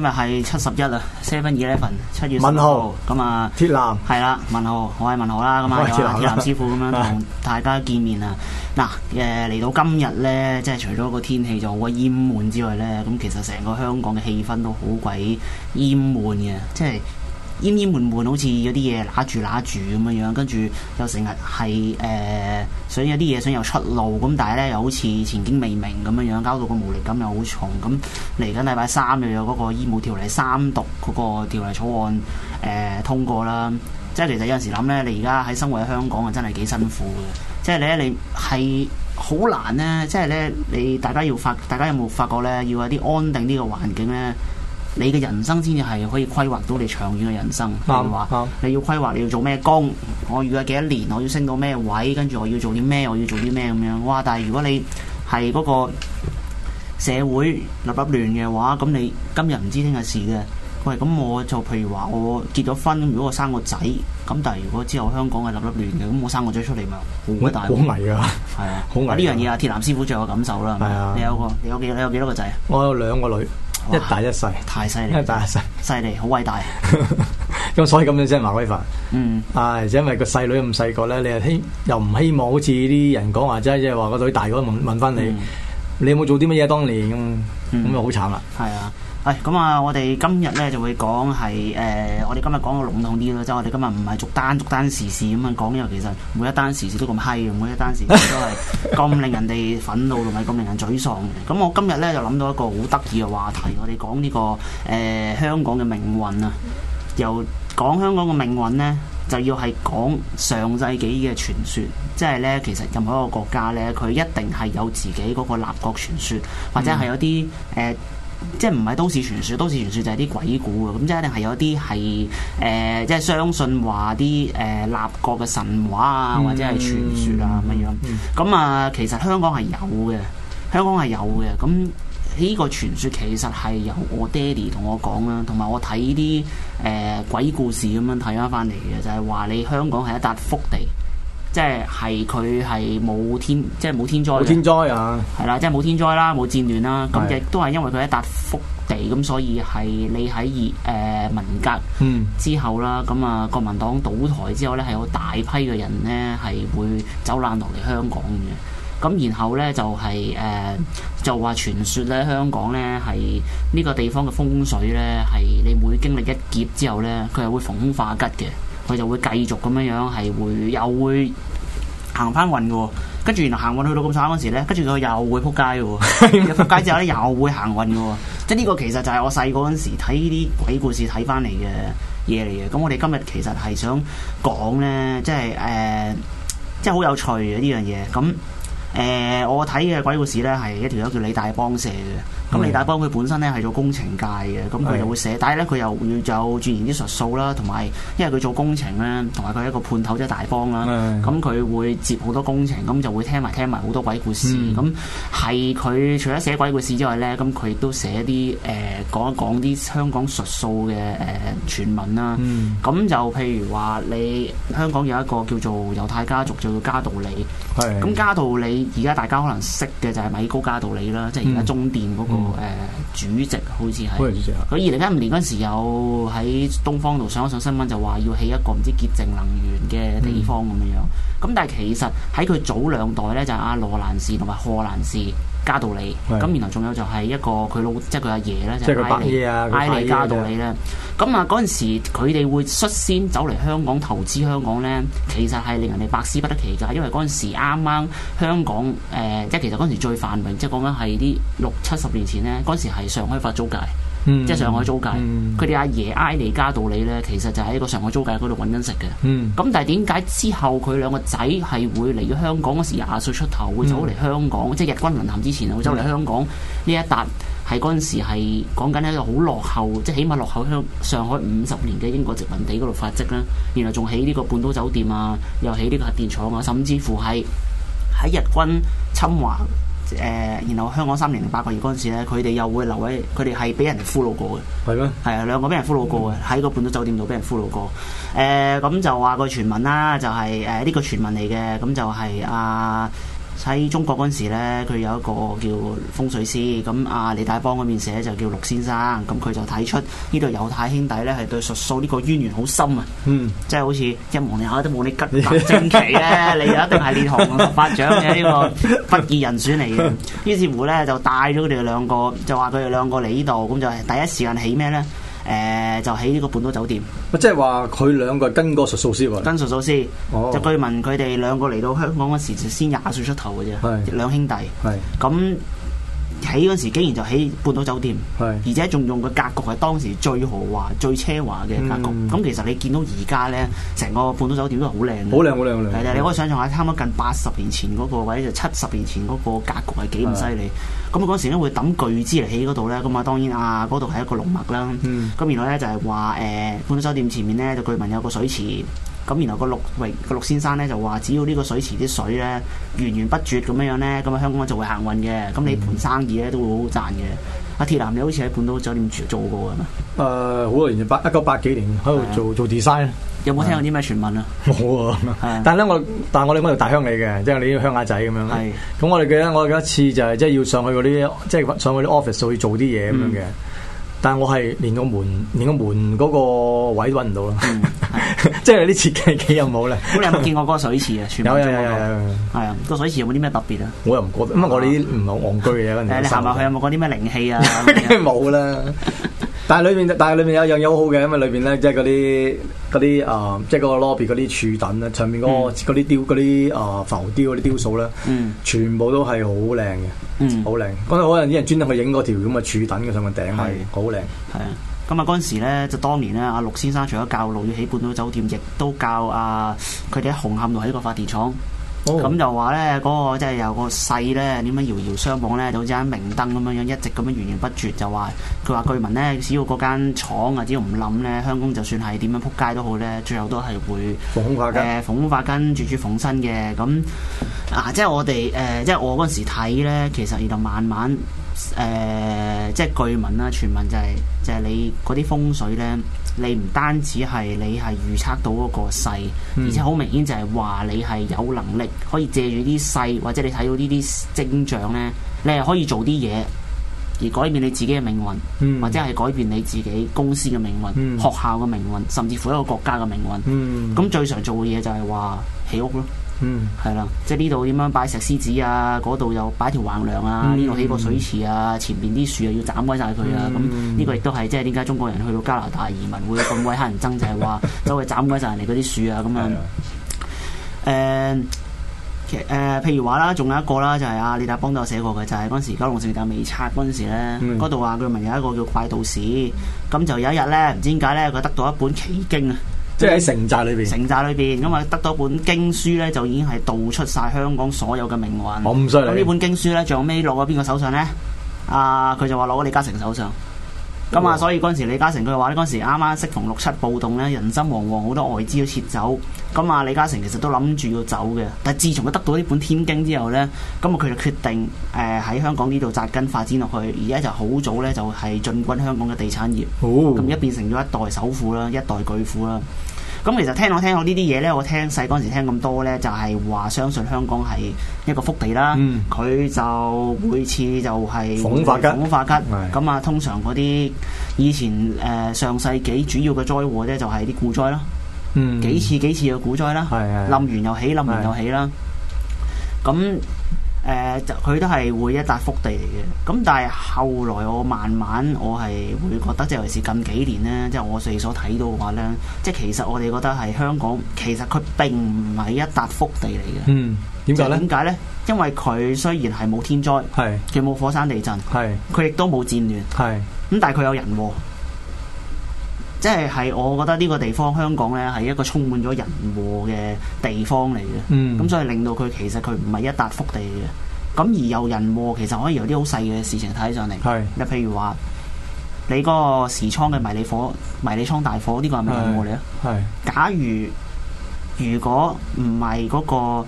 今日係七十一啊，Seven Eleven 七月十一號。咁啊，鐵男欄係啦，文豪，我係文豪啦，咁啊，鐵男師傅咁樣同大家見面 啊！嗱、呃，誒嚟到今日咧，即係除咗個天氣就好鬼悶悶之外咧，咁其實成個香港嘅氣氛都好鬼悶悶嘅，即係。煙煙悶悶，好似有啲嘢揦住揦住咁樣樣，跟住又成日係誒想有啲嘢想有出路，咁但係咧又好似前景未明咁樣樣，搞到個無力感又好重。咁嚟緊禮拜三又有嗰個醫務條例三讀嗰個條例草案誒、呃、通過啦。即係其實有陣時諗咧，你而家喺生活喺香港啊，真係幾辛苦嘅。即係咧，你係好難咧。即係咧，你大家要發，大家有冇發覺咧，要有啲安定呢個環境咧？你嘅人生先至係可以規劃到你長遠嘅人生，譬如話你要規劃你要做咩工，我預計幾多年，我要升到咩位，跟住我要做啲咩，我要做啲咩咁樣。哇、嗯！但係如果你係嗰個社會立立亂嘅話，咁你今日唔知聽日事嘅。喂，咁我就譬如話，我結咗婚，如果我生個仔，咁但係如果之後香港係立立亂嘅，咁我生個仔出嚟咪好大？好危噶，係啊，好危。呢樣嘢啊，鐵男師傅最有感受啦。係啊你，你有個，你有幾，你有幾多個仔啊？我有兩個女。哇一大一細，太犀利！一大一細，犀利，好偉大。咁 所以咁樣先係麻鬼煩。嗯，係、哎，因為個細女咁細個咧，你又希又唔希望，好似啲人講話，即係即係話個女大個問問翻你，嗯、你有冇做啲乜嘢當年咁，咁、嗯、就好慘啦。係、嗯、啊。係咁啊！我哋今日咧就會講係誒，我哋今日講個籠統啲咯，即係我哋今日唔係逐單逐單時事咁樣講，因為其實每一單時事都咁閪，每一單時事都係咁令人哋憤怒同埋咁令人沮喪嘅。咁我今日咧就諗到一個好得意嘅話題，我哋講呢個誒、呃、香港嘅命運啊！又講香港嘅命運咧，就要係講上世紀嘅傳說，即係咧其實任何一個國家咧，佢一定係有自己嗰個立國傳說，或者係有啲誒。嗯即係唔係都市傳說？都市傳說就係啲鬼故啊！咁即係一定係有啲係誒，即係、呃、相信話啲誒立國嘅神話啊，或者係傳說啊咁、嗯、樣。咁啊、嗯，其實香港係有嘅，香港係有嘅。咁呢個傳說其實係由我爹哋同我講啦，同埋我睇啲誒鬼故事咁樣睇翻翻嚟嘅，就係、是、話你香港係一笪福地。即係佢係冇天，即係冇天災。冇天災啊！係啦，即係冇天災啦，冇戰亂啦。咁亦都係因為佢一笪福地，咁所以係你喺文革之後啦，咁啊、嗯、國民黨倒台之後呢，係有大批嘅人呢係會走難落嚟香港嘅。咁然後呢，就係、是、誒、呃、就話傳説呢，香港呢係呢個地方嘅風水呢，係你每經歷一劫之後呢，佢係會逢凶化吉嘅。佢就會繼續咁樣樣，係會又會行翻運嘅喎、哦。跟住原來行運去到咁慘嗰時咧，跟住佢又會撲街喎、哦。撲 街之後咧又會行運嘅喎、哦。即係呢個其實就係我細個嗰時睇呢啲鬼故事睇翻嚟嘅嘢嚟嘅。咁我哋今日其實係想講咧，即係誒、呃，即係好有趣嘅呢樣嘢。咁誒、呃，我睇嘅鬼故事咧係一條友叫李大幫寫嘅。咁李大邦佢本身咧係做工程界嘅，咁佢就會寫，的但係咧佢又會有鑽研啲術數啦，同埋因為佢做工程咧，同埋佢係一個判頭即係、就是、大邦啦，咁佢的會接好多工程，咁就會聽埋聽埋好多鬼故事。咁係佢除咗寫鬼故事之外咧，咁佢亦都寫啲誒講一講啲、呃、香港術數嘅誒傳聞啦。咁、嗯、就譬如話你香港有一個叫做猶太家族就叫做加道理，咁加道理，而的家大家可能識嘅就係米高加道理啦，即係而家中電嗰個、嗯。呃、主席好似係，佢二零一五年嗰陣時有喺東方度上一上新聞，就話要起一個唔知潔淨能源嘅地方咁樣樣。咁、嗯、但係其實喺佢早兩代呢，就阿、係、羅蘭士同埋荷蘭士。加道理。咁、嗯、然後仲有就係一個佢老，即係佢阿爺咧，即係艾利加道理。咧、嗯。咁啊，嗰陣時佢哋會率先走嚟香港投資香港咧，其實係令人哋百思不得其解，因為嗰陣時啱啱香港誒、呃，即係其實嗰陣時最繁榮，即係講緊係啲六七十年前咧，嗰時係上海法租界。嗯、即係上海租界，佢哋阿爺埃尼加道理呢，其實就喺個上海租界嗰度揾緊食嘅。咁、嗯、但係點解之後佢兩個仔係會嚟咗香港嗰時廿歲出頭會走嚟香港？嗯、即係日軍淪陷之前會走嚟香港呢、嗯、一笪？係嗰陣時係講緊一個好落後，即係起碼落後香上海五十年嘅英國殖民地嗰度發跡啦。原來仲起呢個半島酒店啊，又起呢個核電廠啊，甚至乎係喺日軍侵華。誒、呃，然後香港三年零八個月嗰陣時咧，佢哋又會留喺，佢哋係俾人俘虜過嘅。係咩嗎？係啊，兩個俾人俘虜過嘅，喺的個半島酒店度俾人俘虜過。誒、呃，咁就話個傳聞啦，就係誒呢個傳聞嚟嘅，咁就係、是、啊。呃喺中國嗰陣時咧，佢有一個叫風水師，咁啊李大邦嗰邊寫就叫陸先生，咁佢就睇出呢對猶太兄弟咧係對術數呢個淵源好深啊，嗯，即係好似一望你下都冇你吉吉奇咧， 你又一定係練降龍十八掌嘅呢個不二人選嚟嘅，於是乎咧就帶咗佢哋兩個，就話佢哋兩個嚟呢度，咁就係第一時間起咩咧？誒、呃，就喺呢個半島酒店，即係話佢兩個跟過術數師嘅，跟術數師，oh。就據聞佢哋兩個嚟到香港嗰時就先廿歲出頭嘅啫，兩是兄弟，咁是。喺嗰時竟然就喺半島酒店，是而且仲用個格局係當時最豪華、最奢華嘅格局。咁、嗯、其實你見到而家咧，成個半島酒店都好靚，好靚好靚。係啊，你可以想象下，差唔多近八十年前嗰、那個位，就七十年前嗰個格局係幾咁犀利。咁嗰是、嗯、時咧會揼巨資嚟起嗰度咧，咁啊當然啊嗰度係一個龍脈啦。咁、嗯、原來咧就係話誒，半島酒店前面咧就據聞有個水池。咁然後個陸榮個陸先生咧就話：只要呢個水池啲水咧源源不絕咁樣樣咧，咁啊香港就會行運嘅。咁你盤生意咧都會好賺嘅。阿鐵男，你好似喺半島酒店做過㗎咩？誒、uh,，好多年嘅八一九八幾年喺度做 Yeah. 做 design。做 design, 有冇聽過啲咩 Yeah. 傳聞啊？冇啊 Yeah.！但係咧我但係我哋嗰度大鄉里嘅，即、就、係、是、你啲鄉下仔咁樣。係。咁我哋記得，我有一次就係即係要上去嗰啲即係上去啲 office 去做啲嘢咁樣嘅。Mm. 但係我係連個門連個門嗰個位都搵唔到咯，即係啲設計幾又唔好咧。咁你有冇見過個水池啊？全部有有有有。係啊，個水池有冇啲咩特別啊？我又唔覺得，咁啊我呢啲唔係戇居嘅。誒，你行埋去有冇嗰啲咩靈氣啊？肯定冇啦。但係裏邊，但係裏面有樣嘢好好嘅，因為裏邊咧即係嗰啲啲啊，即係嗰個 lobby 嗰啲柱墩咧，上面嗰、嗰、啲、個嗯、雕啲啊浮雕嗰啲雕塑咧，嗯、全部都係好靚嘅，好靚、嗯。嗰陣嗰陣啲人專登去影嗰條咁嘅柱墩嘅上面頂，係好靚。係啊是，咁啊嗰陣時咧，就當年咧，阿陸先生除咗教路要起半島酒店，亦都教阿佢哋喺紅磡度起個發電廠。咁就話呢，嗰、那個即係有個勢呢，點樣遙遙相望呢？就好似盞明燈咁樣樣，一直咁樣源源不絕就話，佢話據聞呢，只要嗰間廠啊，只要唔冧呢，香港就算係點樣撲街都好呢，最後都係會誒逢凶化吉，絕處逢生嘅。咁、呃嗯、啊，即係我哋誒、呃，即係我嗰陣時睇呢，其實就慢慢。誒、呃，即係據聞啦、啊，傳聞就係、是、就係、是、你嗰啲風水呢。你唔單止係你係預測到嗰個勢，嗯、而且好明顯就係話你係有能力可以借住啲勢，或者你睇到呢啲徵象呢，你係可以做啲嘢而改變你自己嘅命運，嗯、或者係改變你自己公司嘅命運、嗯、學校嘅命運，甚至乎一個國家嘅命運。咁、嗯嗯、最常做嘅嘢就係話起屋咯。嗯，係啦，即係呢度點樣擺石獅子啊，嗰度又擺條橫樑啊，呢度起個水池啊，前面啲樹又要斬鬼晒佢啊，咁呢、嗯、個亦都係即係點解中國人去到加拿大移民會咁鬼乞人憎， 就係話走去斬鬼晒人哋嗰啲樹啊咁樣。誒的，誒、嗯呃，譬如話啦，仲有一個啦、就是，就係阿李達邦都有寫過嘅，就係嗰陣時九龍城寨未拆嗰陣時咧，嗰度話佢聞有一個叫怪道士，咁就有一日咧，唔知點解咧，佢得到一本奇經啊。即係喺城寨裏邊，城寨裏邊，咁啊得到本經書咧，就已經係道出晒香港所有嘅命運。咁犀利！咁呢本經書咧，最後尾落咗邊個手上咧？啊，佢就話攞咗李嘉誠手上。咁啊，所以嗰陣時李嘉誠佢話咧，嗰陣時啱啱適逢六七暴動咧，人心惶惶，好多外資要撤走。咁啊，李嘉誠其實都諗住要走嘅，但係自從佢得到呢本天經之後咧，咁啊，佢就決定誒喺香港呢度扎根發展落去。而家就好早咧，就係進軍香港嘅地產業。咁而家變成咗一代首富啦，一代巨富啦。咁其實聽我聽我呢啲嘢呢，我聽細嗰陣時聽咁多呢，就係、是、話相信香港係一個福地啦。佢、嗯、就每次就係逢凶化吉，逢凶化吉咁啊。嗯、通常嗰啲以前誒、呃、上世紀主要嘅災禍呢，就係啲股災咯。嗯，幾次幾次嘅股災啦，冧、嗯、完又起，冧完又起啦。咁、嗯。誒，佢、呃、都係會一笪福地嚟嘅。咁但係後來我慢慢我係會覺得，即係尤其是近幾年呢，即係我哋所睇到嘅話呢，即係其實我哋覺得係香港，其實佢並唔係一笪福地嚟嘅。嗯，點解呢？點解咧？因為佢雖然係冇天災，係佢亦冇火山地震，係佢亦都冇戰亂，係咁是，但係佢有人禍。即係係，我覺得呢個地方香港呢，係一個充滿咗人禍嘅地方嚟嘅。咁、嗯、所以令到佢其實佢唔係一笪福地嘅。咁而有人禍，其實可以有啲好細嘅事情睇上嚟是。你譬如話，你個時倉嘅迷你火、迷你倉大火，呢個係咪人禍嚟啊？是 假如如果唔係嗰個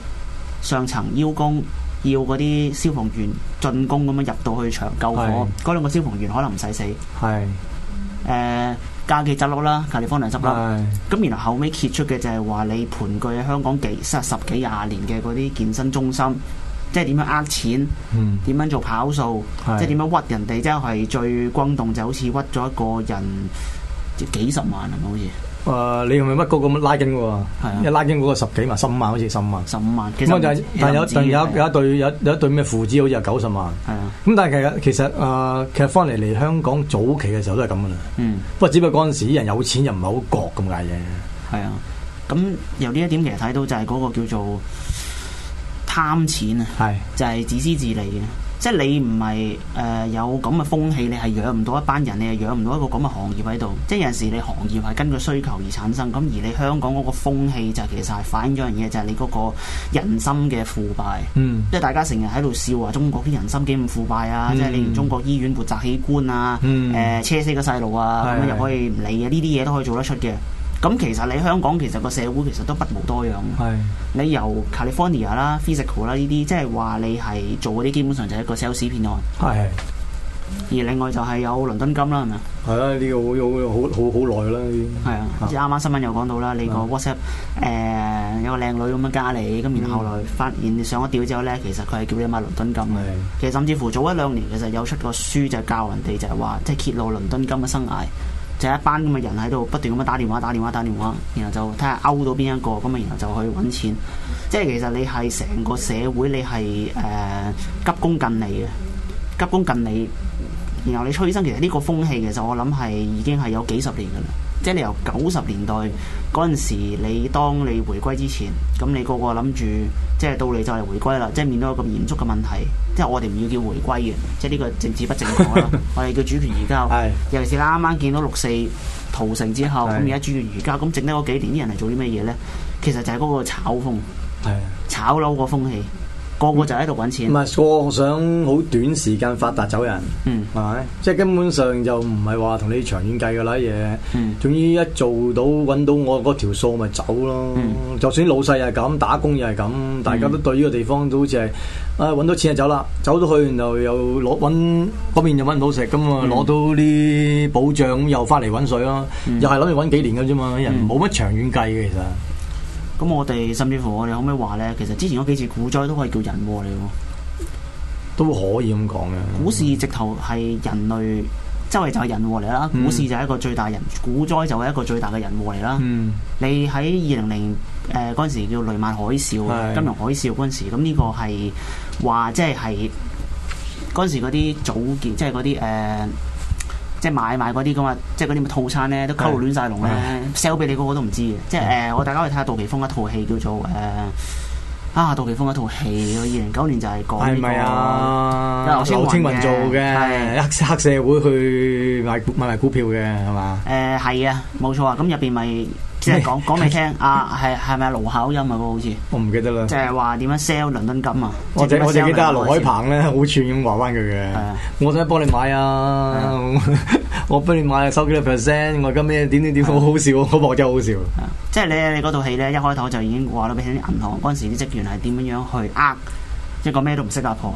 上層邀功，要嗰啲消防員進攻咁樣入到去搶救火，嗰是 兩個消防員可能唔使死。係是。誒、呃。加嘅執笠啦，格力方嚟執笠。咁 Yes. 然後後尾揭出嘅就係話你盤踞喺香港幾三十幾廿年嘅嗰啲健身中心，即係點樣呃錢，點、mm. 樣做跑數 Yes.，即係點樣屈人哋，即係最轟動，就好似屈咗一個人即幾十萬係咪好似？誒、呃，你係咪乜個咁拉緊嘅？係啊，一拉緊嗰個十幾萬、十五萬，好似十五萬。十五萬。咁啊係，有突有有一對有、啊、有一對咩父子，好似係九十萬。係啊。咁但係其實其實誒，其實翻嚟嚟香港早期嘅時候都係咁噶啦。嗯。不過只不過嗰陣時人有錢又唔係好覺咁解嘅。係啊。咁由呢一點其實睇到就係嗰個叫做貪錢啊。係的。就係、是、自私自，自利嘅。即係你唔係誒有咁嘅風氣，你係養唔到一班人，你係養唔到一個咁嘅行業喺度。即係有陣時，你行業係根據需求而產生。咁而你香港嗰個風氣就其實係反映咗樣嘢，就係、是、你嗰個人心嘅腐敗。嗯，即係大家成日喺度笑話中國啲人心幾咁腐敗啊！嗯、即係你連中國醫院活摘器官啊，誒、嗯呃、車死個細路啊，咁的又可以唔理啊，呢啲嘢都可以做得出嘅。咁其實你香港其實個社會其實都不無多樣嘅。是你由 California 啦、Physical 啦呢啲，即係話你係做嗰啲基本上就係一個 sales 騙案。係的。而另外就係有倫敦金啦，係咪？係啊！呢、呢個好、好、好、好、好耐啦呢啲。係啊的，好似啱啱新聞又講到啦，你個 WhatsApp，誒的、呃、有個靚女咁樣加你，咁然後，後來發現上咗吊之後咧，其實佢係叫你買倫敦金的。其實甚至乎早一兩年，其實有出個書就教人哋就係話，即、就、係、是、揭露倫敦金嘅生涯。就一班咁嘅人喺度不斷咁樣打電話、打電話、打電話，然後就睇下勾到邊一個，咁啊然後就去揾錢。即係其實你係成個社會你，你係誒急功近利嘅，急功近利，然後你催生其實呢個風氣，其實我諗係已經係有幾十年㗎喇。即係你由九十年代嗰陣時，你當你回歸之前，咁你個個諗住，即係到你就係回歸啦，即係面對咁嚴重嘅問題。即係我哋唔要叫回歸嘅，即係呢個政治不正確啦。 我哋叫主權移交。是尤其是啱啱見到六四屠城之後，咁而家主權移交，咁剩低嗰幾年啲人係做啲咩嘢咧？其實就係嗰個炒風，是炒樓個風氣。個個就喺度搵錢，唔係個想好短時間發達走人，係咪、嗯？即係根本上就唔係話同你長遠計噶啦嘢，嗯、總之一做到搵到我嗰條數咪走咯。嗯、就算老細又係咁，打工又係咁，大家都對呢個地方都好似係啊，搵到錢就走啦，走咗去然後又又攞搵嗰邊又搵唔到食，咁啊攞到啲保障又翻嚟搵水咯，嗯、又係諗住搵幾年嘅啫嘛，人冇乜長遠計嘅其實。咁我哋甚至乎我哋可唔可以話咧？其實之前嗰幾次股災都可以叫人禍嚟咯，都可以咁講嘅。股市直頭係人類周圍就係人禍嚟啦。股市、嗯、就係一個最大人，股災就係一個最大嘅人禍嚟啦。嗯、你喺二零零誒嗰陣時叫雷曼海嘯、是的 金融海嘯嗰陣時，咁呢個係話即係係嗰陣時嗰啲組建，即係嗰啲誒。呃即係買埋嗰啲噉啊，即係嗰啲套餐咧，都溝亂晒龍咧，sell 俾你個個都唔知嘅。即係誒，我大家去睇下杜琪峰一套戲叫做誒，啊杜琪峰一套戲，二零九年就係講、這個，係咪啊？因為我劉青雲做嘅，黑的黑社會去買買賣股票嘅係嘛？誒係啊，冇、呃、錯啊，咁入邊咪。即係講講俾你聽，阿係係咪啊盧口音啊？喎，好似我唔記得啦。就係話點樣 sell 倫敦金啊？我正我我記得阿盧海鵬咧好串咁話翻佢嘅。的我想幫你買啊！的 我幫你買，收幾多 percent？我今咩點點點的好好笑，嗰幕的真係好笑。即係你你嗰套戲咧一開頭就已經話咗俾你聽，銀行嗰陣時啲職員係點樣樣去呃一個咩都唔識阿婆。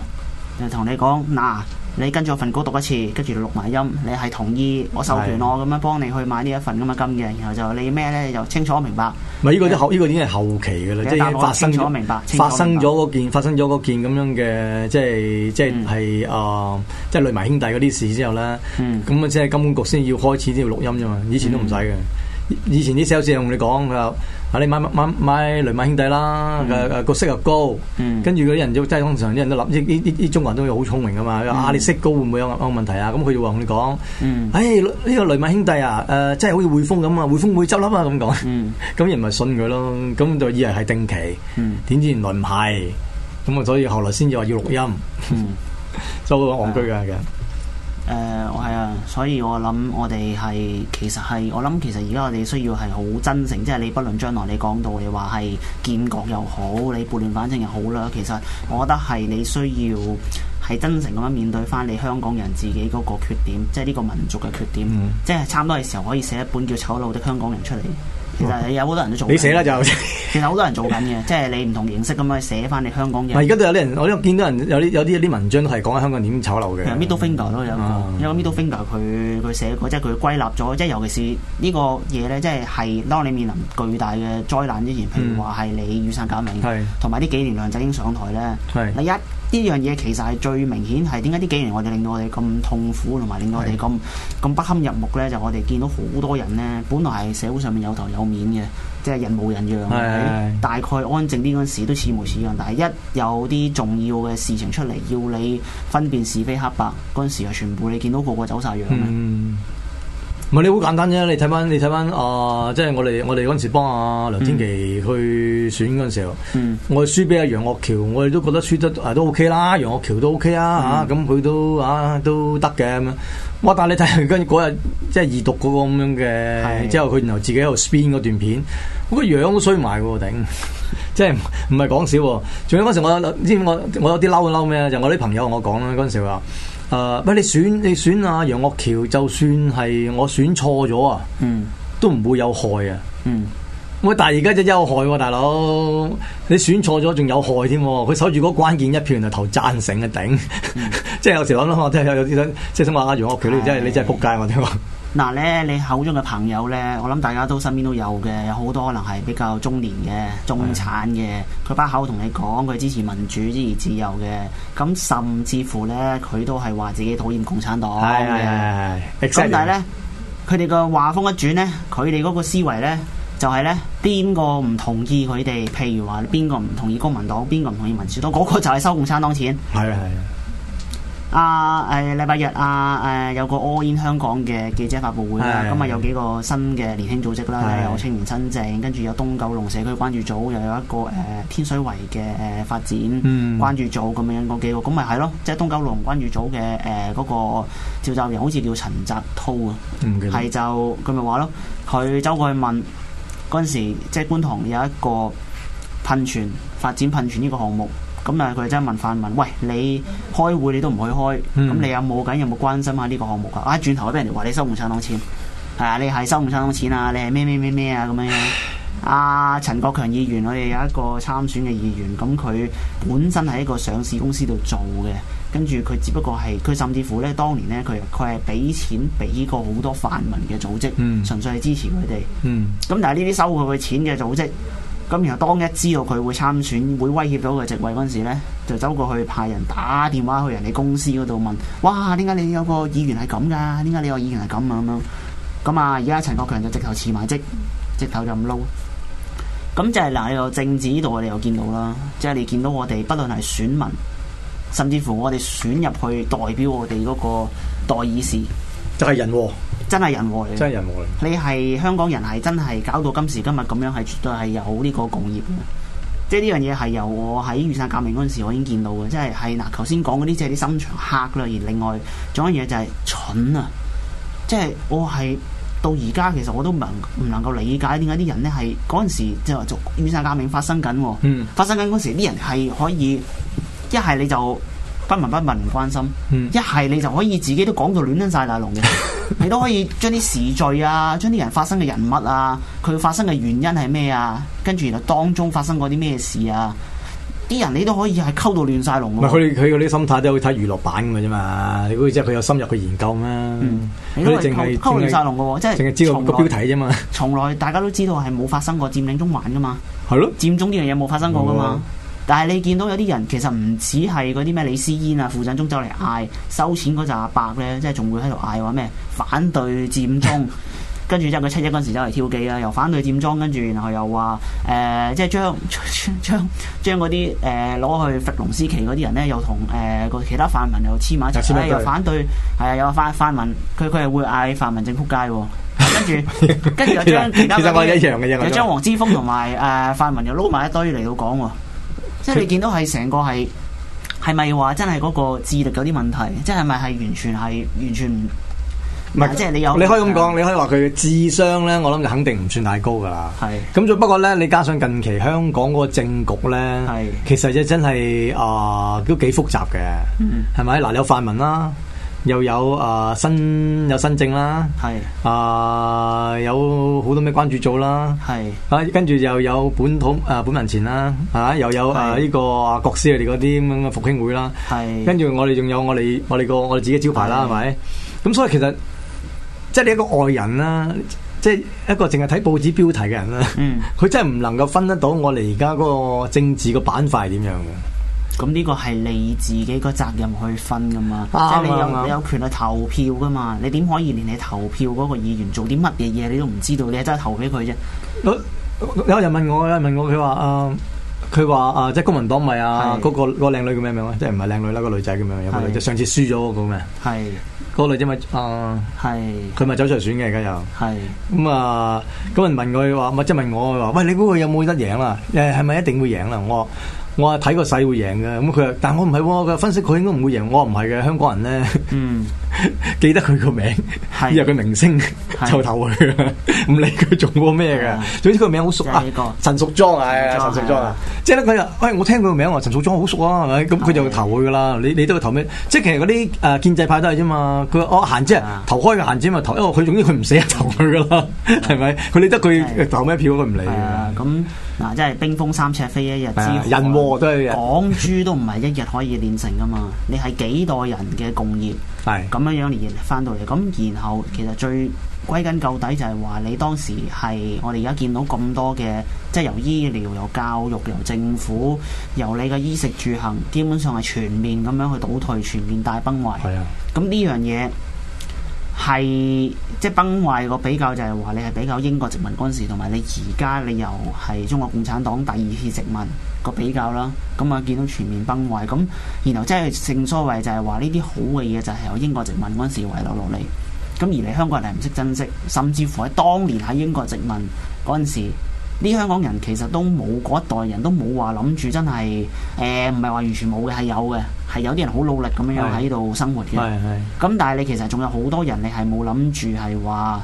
就同你講嗱、啊，你跟住份稿讀一次，跟住錄埋音，你係同意我授權我咁樣幫你去買呢一份咁嘅金嘅，然後就你咩咧就清楚明白。係呢、這個後呢、嗯、個已經係後期嘅啦，即係發生，我明白，明白發生咗嗰件，發生咗嗰件咁樣嘅，即係即係係啊，即係、嗯呃、累埋兄弟嗰啲事之後咧，咁啊、嗯、即係金管局先要開始先要錄音啫嘛，以前都唔使嘅。以前啲 sales 又同你講，啊，你買買買雷曼兄弟啦，誒誒、嗯啊、個息又高，嗯、跟住嗰啲人都即係通常啲人都諗，呢呢中國人都好聰明噶嘛，啊，你息高會唔會有個問題啊？咁、嗯、佢、嗯、就話同你講，誒、哎、呢、這個雷曼兄弟啊，誒即係好似匯豐咁啊，匯豐唔會執笠啊咁講，咁、嗯嗯、人咪信佢咯，咁就以為係定期，點、嗯、知原來唔係，咁啊所以後來先至話要錄音，就好戇居噶。嗯 誒，我係、呃、啊，所以我諗我哋係其實係，我諗其實而家我哋需要係好真誠，即、就、係、是、你，不論將來你講到你話係建國又好，你撥亂反正又好啦，其實我覺得係你需要係真誠咁樣面對翻你香港人自己嗰個缺點，即係呢個民族嘅缺點，嗯、即係差唔多嘅時候可以寫一本叫《醜陋的香港人》出嚟。其實有好多人都做，你寫啦就。其實好多人做緊嘅， 即係你唔同形式咁樣寫翻你香港嘅。而家都有啲人，我呢見到有人有啲有啲啲文章都係講香港點醜陋嘅。譬如 Middle Finger 都有一個，有、嗯、Middle Finger 佢佢寫過即係佢歸納咗，即係尤其是個呢個嘢咧，即係係當你面臨巨大嘅災難之前，譬如話係你雨傘革命，同埋呢幾年梁振英上台咧，第是一。呢樣嘢其實係最明顯，係點解呢幾年我哋令到我哋咁痛苦，同埋令到我哋咁咁不堪入目呢，就我哋見到好多人呢，本來係社會上面有頭有面嘅，即係人模人樣，是是是大概安靜啲嗰陣時都似模似樣，但係一有啲重要嘅事情出嚟，要你分辨是非黑白嗰陣時，係全部你見到個個走晒樣嘅。嗯唔係你好簡單啫，你睇翻你睇翻啊，即係我哋我哋嗰陣時幫阿、啊、梁天琦去選嗰陣時候，嗯、我輸俾阿楊岳橋，我哋都覺得輸得都 OK 啦，楊岳橋都 OK 啦、嗯、啊嚇，咁佢都啊都得嘅。我、啊、但係你睇跟嗰日即係二讀嗰個咁樣嘅，是之後佢然後自己喺度 spin 嗰段片，嗰個樣都衰埋喎頂， 即係唔係講笑喎？仲有嗰陣時我，知知我，我，我有，知、就是、我我有啲嬲嬲咩就我啲朋友我講啦，嗰陣時話。誒，喂、呃！你選你選阿、啊、楊岳橋，就算係我選錯咗啊，mm. 都唔會有害啊。喂，mm. 但係而家真係有害喎、啊，大佬，你選錯咗仲有害添、啊。佢守住嗰關鍵一票，原來投贊成嘅頂、mm. 即係有時諗諗，我 Yeah. 真係有啲想，即係想話阿楊岳橋，你真係你真係仆街我哋嗱咧，你口中嘅朋友咧，我諗大家都身邊都有嘅，有好多可能係比較中年嘅中產嘅，佢把口同你講佢支持民主支持自由嘅，咁甚至乎咧佢都係話自己討厭共產黨嘅。咁但係咧，佢哋個話風一轉咧，佢哋嗰個思維咧就係咧邊個唔同意佢哋？譬如話邊個唔同意公民黨，邊個唔同意民主黨，嗰個就係收共產黨錢。係啊係啊。啊！誒禮拜日啊！誒、呃、有個 all in 香港嘅記者發佈會啦，咁啊的有幾個新嘅年輕組織啦，的有青年新政，跟住有東九龍社區關注組，又有一個誒、呃、天水圍嘅誒發展關注組咁樣嗰幾個咁咪係咯，即係、就是、東九龍關注組嘅誒嗰個召集人，好似叫陳澤濤啊，係就佢咪話咯，佢走過去問嗰陣時，即、就、係、是、觀塘有一個噴泉發展噴泉呢個項目。咁啊！佢真係問泛民，喂，你開會你都唔去開，咁、嗯、你有冇緊有冇關心下呢個項目㗎？啊！轉頭又俾人哋話你收共產黨錢，係啊！你係收共產黨錢啊！你係咩咩咩咩啊咁樣樣。阿、啊、陳國強議員，我哋有一個參選嘅議員，咁佢本身係一個上市公司度做嘅，跟住佢只不過係，佢甚至乎咧，當年咧佢佢係俾錢俾過好多泛民嘅組織，嗯、純粹係支持佢哋。咁、嗯、但係呢啲收佢嘅錢嘅組織。咁然後當一知道佢會參選，會威脅到個席位嗰陣時咧，就走過去派人打電話去人哋公司嗰度問，哇，點解你有個議員係咁噶？點解你個議員係咁啊？咁啊，而家陳國強就直頭辭埋職，直頭就唔撈。咁就係、是、嗱，喺、這個政治度我哋又見到啦，即係你見到我哋不論係選民，甚至乎我哋選入去代表我哋嗰個代議士。就係人，真係人喎，真係人喎。你係香港人，係真係搞到今時今日咁樣，係絕對係有呢個共業嘅。即係呢樣嘢係由我喺雨傘革命嗰陣時，我已經見到嘅。即係係嗱，頭先講嗰啲即係啲心腸黑啦，而另外仲有樣嘢就係蠢啊！即係我係到而家，其實我都唔能唔能夠理解點解啲人呢係嗰陣時，即係話做雨傘革命發生緊，嗯，發生緊嗰時啲人係可以一係你就。不聞不問唔關心，一係、嗯、你就可以自己都講到亂噏曬大龍嘅， 你都可以將啲時序啊，將啲人發生嘅人物啊，佢發生嘅原因係咩啊？跟住原來當中發生過啲咩事啊？啲人你都可以係溝到亂晒龍。佢佢嗰啲心態都係好似睇娛樂版咁嘅啫嘛，你估即係佢有深入嘅研究咩？佢淨係溝亂晒龍嘅喎，即係淨係知道個標題啫嘛。從，從來大家都知道係冇發生過佔領中環嘅嘛，係咯，佔中啲嘢冇發生過嘅嘛。但係你見到有啲人其實唔止係嗰啲咩李思煙啊、傅振中走嚟嗌收錢嗰陣阿伯咧，即係仲會喺度嗌話咩反對佔中，跟住之後佢七一嗰陣時走嚟挑機啊，又反對佔中，跟住然後又話誒、呃、即係將將將嗰啲誒攞去佛龍斯旗嗰啲人咧，又同誒個其他泛民又黐埋一齊，又，一又反對係啊，有個泛泛民佢佢係會嗌泛民政撲街喎，跟住跟住又將， 其，實又將其實我一樣嘅嘢，又將黃之鋒同埋誒泛民又撈埋一堆嚟到講喎。啊即係你見到係成個係係咪話真係嗰個智力有啲問題？即係咪係完全係完全唔唔係？是即係你有可你可以咁講，你可以話佢智商咧，我諗就肯定唔算太高噶啦。係咁是，不過咧，你加上近期香港嗰個政局咧，係是其實就真係啊、呃、都幾複雜嘅，係咪嗱？你有泛民啦、啊。又有啊新有新政啦，係是的 啊有好多咩關注組啦，係是的 啊跟住又有本土啊本民前啦，嚇、啊、又有是的 啊呢、這個啊國師佢哋嗰啲咁嘅復興會啦，係，跟住我哋仲有我哋我哋個我哋自己招牌啦，係咪是的？咁所以其實即係你一個外人啦，即係一個淨係睇報紙標題嘅人啦，佢、嗯、 真係唔能夠分得到我哋而家嗰個政治個板塊係點樣嘅。咁呢個係你自己個責任去分噶嘛？啊、即係你有、啊、你有權去投票噶嘛？你點可以連你投票嗰個議員做啲乜嘢嘢你都唔知道？你係真係投俾佢啫。有人問我，有人問我，佢話誒，佢話誒，即係公民黨咪啊？嗰是、嗰個嗰靚、嗰個、女叫咩名啊？即係唔係靚女啦？嗰個女仔叫咩名？有、嗰個上次輸咗嗰個咩？係是，嗰女仔咪誒係，佢、呃、咪是走出選嘅而家又係。咁啊是，咁、呃、人問我話，咪即係問我話，喂，你估佢有冇得贏啦？誒係咪一定會贏啦？我。我話睇個勢會贏嘅，咁佢，但我唔係，佢分析佢應該唔會贏。我唔係嘅，香港人咧，記得佢個名，又佢明星投頭去，唔理佢做過咩嘅。總之佢名好熟啊，陳淑莊係啊，陳淑莊，即係咧佢喂，我聽佢個名話陳淑莊好熟啊，係咪？咁佢就投佢噶啦。你你都投咩？即係其實嗰啲誒建制派都係啫嘛。佢哦，閒之啊投開個閒之嘛投，因為佢總之佢唔死啊投佢噶啦，係咪？佢理得佢投咩票，佢唔理咁。嗱，即係冰封三尺飛，非一日之寒。人和都要人，港豬都唔係一日可以練成噶嘛。你係幾代人嘅共業，係咁 樣樣而翻到嚟。咁然後其實最歸根究底就係話，你當時係我哋而家見到咁多嘅，即係由醫療、由教育、由政府、由你嘅衣食住行，基本上係全面咁樣去倒退，全面大崩壞。係啊， 咁呢樣嘢。係，即崩壞個比較就係話，你係比較英國殖民嗰陣時，同埋你而家你又係中國共產黨第二次殖民個比較啦，咁啊見到全面崩壞，咁然後即係正所謂就係話，呢啲好嘅嘢就係由英國殖民嗰陣時遺留落嚟，咁而你香港人係唔識珍惜，甚至乎喺當年喺英國殖民嗰陣時。啲香港人其實都冇，嗰一代人都冇話諗住真係誒，唔係話完全冇嘅，係有嘅，係有啲人好努力咁樣喺度生活嘅，咁的但係你其實仲有好多人你係冇諗住係話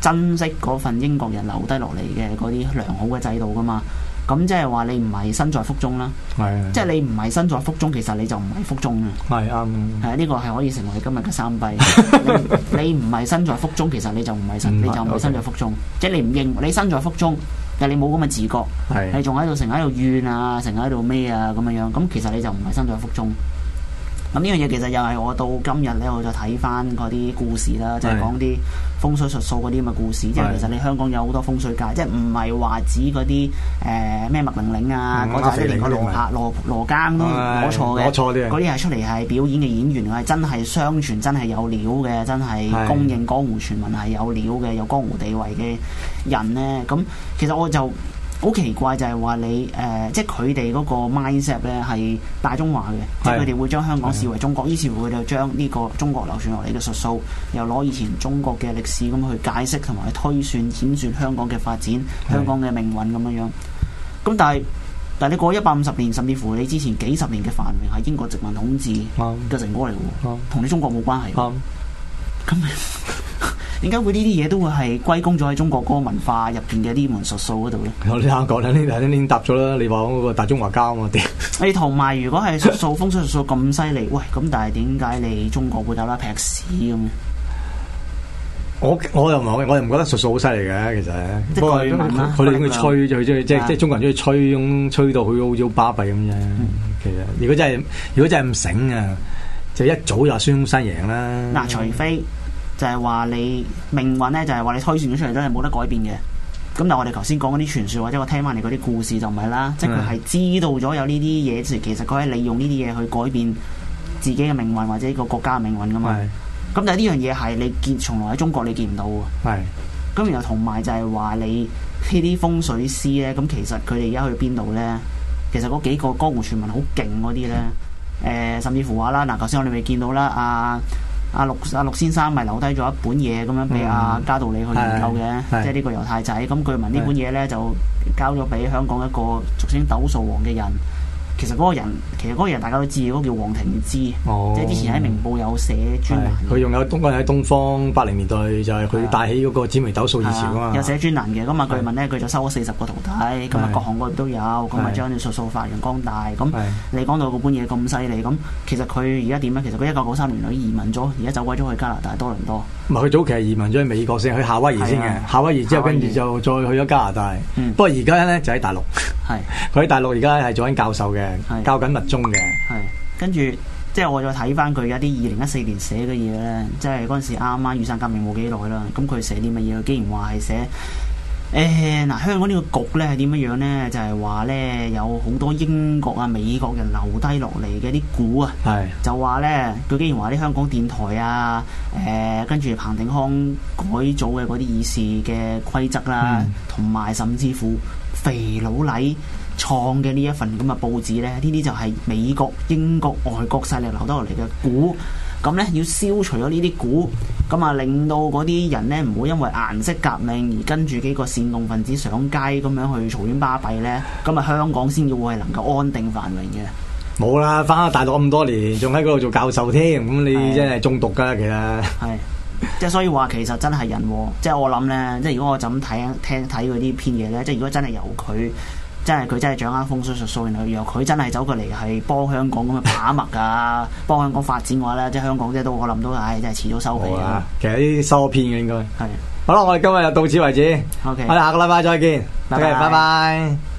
珍惜嗰份英國人留低落嚟嘅嗰啲良好嘅制度㗎嘛。咁即係話你唔係身在福中啦，的即係你唔係身在福中，其實你就唔係福中。係啱的，係啊呢個係可以成為今日嘅三弊。 你唔係身在福中，其實你就唔係身，你就唔係身在福中。okay. 即係你唔認，你身在福中，但係你冇咁嘅自覺，的你仲喺度成日喺度怨啊，成日喺度咩啊咁樣樣，咁其實你就唔係身在福中。咁呢樣嘢其實又係我到今日咧，我再睇翻嗰啲故事啦，是就係講啲風水術數嗰啲咁嘅故事。即係其實你香港有好多風水界，即係唔係話指嗰啲誒咩麥玲玲啊，嗰扎啲連羅客羅羅庚咯，冇、哎、錯嘅，啲人，嗰啲係出嚟係表演嘅演員，係真係相傳真係有料嘅，真係公認江湖傳聞係有料嘅，有江湖地位嘅人咧。咁其實我就。好奇怪就係話你誒、呃，即係佢哋嗰個 mindset 咧係大中華嘅，的即係佢哋會將香港視為中國，是的於是乎佢哋就將呢個中國流傳落嚟嘅術數，又攞以前中國嘅歷史咁去解釋同埋推算演算香港嘅發展、的香港嘅命運咁樣樣。咁但係但係你過一百五十年，甚至乎你之前幾十年嘅繁榮係英國殖民統治嘅成果嚟喎，同你、嗯、中國冇關係。咁、嗯。嗯 點解會呢啲嘢都會係歸功咗喺中國嗰個文化入邊嘅呢門術數嗰度咧？我啱講啦，啱先已經答咗啦。你話我個大中華家啊啲。我哋同埋，如果係術數風水術數咁犀利，喂咁，但係點解你中國會有啦劈屎咁？我我又唔係，我又唔覺得術數好犀利嘅，其實。即係佢哋中意吹，就是就是、中即係即係中國人中意吹，吹到佢好似巴閉咁樣。其實如果真係，如果真係唔醒啊，就一早就孫中山贏啦。嗱，除非。就係話你命運咧，就係話你推算咗出嚟都係冇得改變嘅。咁但係我哋頭先講嗰啲傳説或者我聽翻嚟嗰啲故事就唔係啦，的即係佢係知道咗有呢啲嘢，其實佢可以利用呢啲嘢去改變自己嘅命運或者個國家嘅命運噶嘛。咁的但係呢樣嘢係你見從來喺中國你見唔到㗎。咁的然後同埋就係話你呢啲風水師咧，咁其實佢哋而家去邊度咧？其實嗰幾個江湖傳聞好勁嗰啲咧，誒、呃、甚至乎話啦，嗱頭先我哋未見到啦，阿、啊。阿陸阿陸先生咪留低咗一本嘢咁樣俾阿加道理去研究嘅，嗯、即係呢個猶太仔。咁的據聞本呢本嘢咧就交咗俾香港一個俗稱斗數王嘅人。其實嗰個人，其實嗰個人大家都知，嗰個叫王亭之，即係之前喺《明報》有寫專欄。佢仲有東，喺東方八零年代就係佢帶起嗰個紫微斗數以前。啊嘛。有寫專欄嘅咁啊！據聞咧，佢就收咗四十個徒弟，咁啊各行各業都有，咁啊將啲數數發揚光大。咁你講到嗰本嘢咁犀利，咁其實佢而家點咧？其實佢一九九三年佢移民咗，而家走鬼咗去加拿大多倫多。佢早期係移民咗去美國先，去夏威夷先嘅，夏威夷之後跟住就再去咗加拿大。不過而家咧就喺大陸。係佢喺大陸而家係做緊教授嘅。係教是緊密宗嘅。係跟住即係我再睇翻佢而啲二零一四年寫嘅嘢咧，即係嗰陣時啱啱雨傘革命冇幾耐啦。咁佢寫啲乜嘢？佢竟然話係寫誒嗱、欸、香港呢個局咧係點乜樣咧？就係話咧有好多英國啊、美國人留低落嚟嘅啲股啊，是就話咧佢竟然話啲香港電台啊，誒跟住彭定康改組嘅嗰啲議事嘅規則啦，同埋、嗯、甚至乎肥佬黎。創嘅呢一份咁嘅報紙咧，呢啲就係美國、英國、外國勢力留得落嚟嘅股，咁呢，要消除咗呢啲股，咁啊令到嗰啲人呢唔會因為顏色革命而跟住幾個煽動分子上街咁樣去嘈冤巴閉呢。咁啊香港先至會係能夠安定繁榮嘅。冇啦，翻咗大陸咁多年，仲喺嗰度做教授添，咁你真係中毒噶，其實係即係，所以話其實真係人禍，即係我諗呢，即係如果我就咁睇聽睇嗰啲篇嘢呢，即係如果真係由佢。真係佢真係掌握風水術數，然後佢真係走過嚟係幫香港咁去把脈啊， 幫香港發展嘅話咧，即係香港即係都我諗都唉，真係遲早收皮啊、哦！其實啲收片嘅應該係是好啦，我哋今日就到此為止，Okay. 我哋下個禮拜再見，拜拜。